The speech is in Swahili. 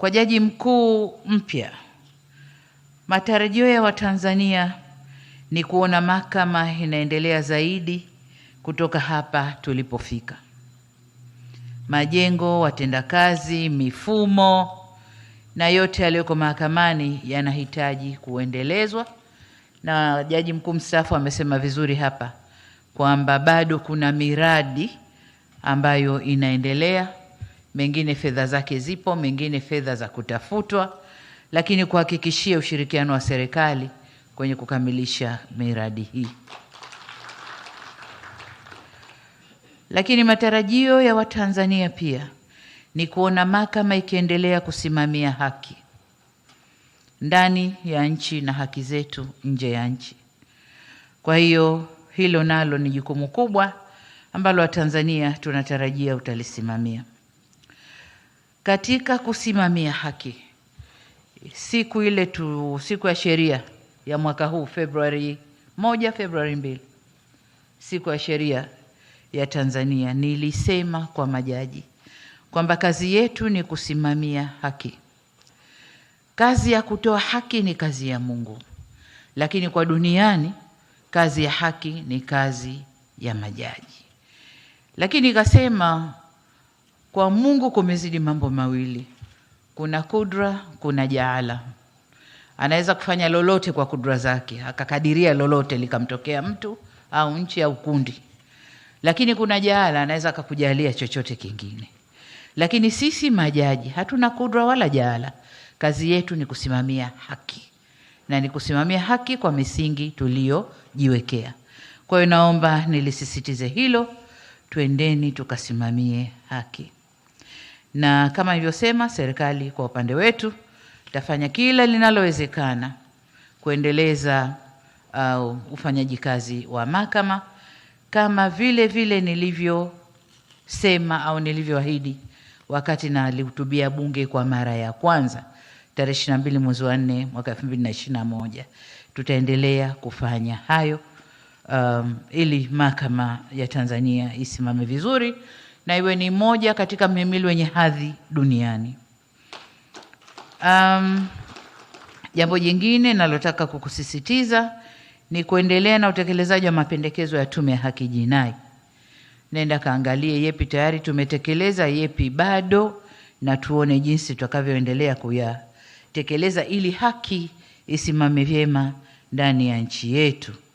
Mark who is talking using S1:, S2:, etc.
S1: kwa jaji mkuu mpya, matarajio ya Watanzania ni kuona mahakama inaendelea zaidi kutoka hapa tulipofika. Majengo, watendakazi, mifumo na yote yaliyoko mahakamani yanahitaji kuendelezwa, na jaji mkuu mstaafu amesema vizuri hapa kwamba bado kuna miradi ambayo inaendelea mengine fedha zake zipo, mengine fedha za kutafutwa, lakini kuhakikishia ushirikiano wa serikali kwenye kukamilisha miradi hii. Lakini matarajio ya Watanzania pia ni kuona mahakama ikiendelea kusimamia haki ndani ya nchi na haki zetu nje ya nchi. Kwa hiyo hilo nalo ni jukumu kubwa ambalo Watanzania tunatarajia utalisimamia katika kusimamia haki. Siku ile tu, siku ya sheria ya mwaka huu Februari moja, Februari mbili, siku ya sheria ya Tanzania, nilisema kwa majaji kwamba kazi yetu ni kusimamia haki. Kazi ya kutoa haki ni kazi ya Mungu, lakini kwa duniani kazi ya haki ni kazi ya majaji. Lakini ikasema kwa Mungu kumezidi mambo mawili, kuna kudra, kuna jaala. Anaweza kufanya lolote kwa kudra zake, akakadiria lolote likamtokea mtu au nchi au kundi, lakini kuna jaala, anaweza akakujalia chochote kingine. Lakini sisi majaji hatuna kudra wala jaala. Kazi yetu ni kusimamia haki na ni kusimamia haki kwa misingi tuliyojiwekea. Kwa hiyo naomba nilisisitize hilo, tuendeni tukasimamie haki na kama nilivyosema, serikali kwa upande wetu tafanya kila linalowezekana kuendeleza uh, ufanyaji kazi wa mahakama kama vile vile nilivyosema au nilivyoahidi wakati nalihutubia Bunge kwa mara ya kwanza tarehe 22 mbili mwezi wa 4 mwaka elfu na moja. Tutaendelea kufanya hayo um, ili mahakama ya Tanzania isimame vizuri na iwe ni moja katika mhimili wenye hadhi duniani. Um, jambo jingine nalotaka kukusisitiza ni kuendelea na utekelezaji wa mapendekezo ya Tume ya Haki Jinai. Nenda kaangalie yepi tayari tumetekeleza, yepi bado, na tuone jinsi tutakavyoendelea kuyatekeleza ili haki isimame vyema ndani ya nchi yetu.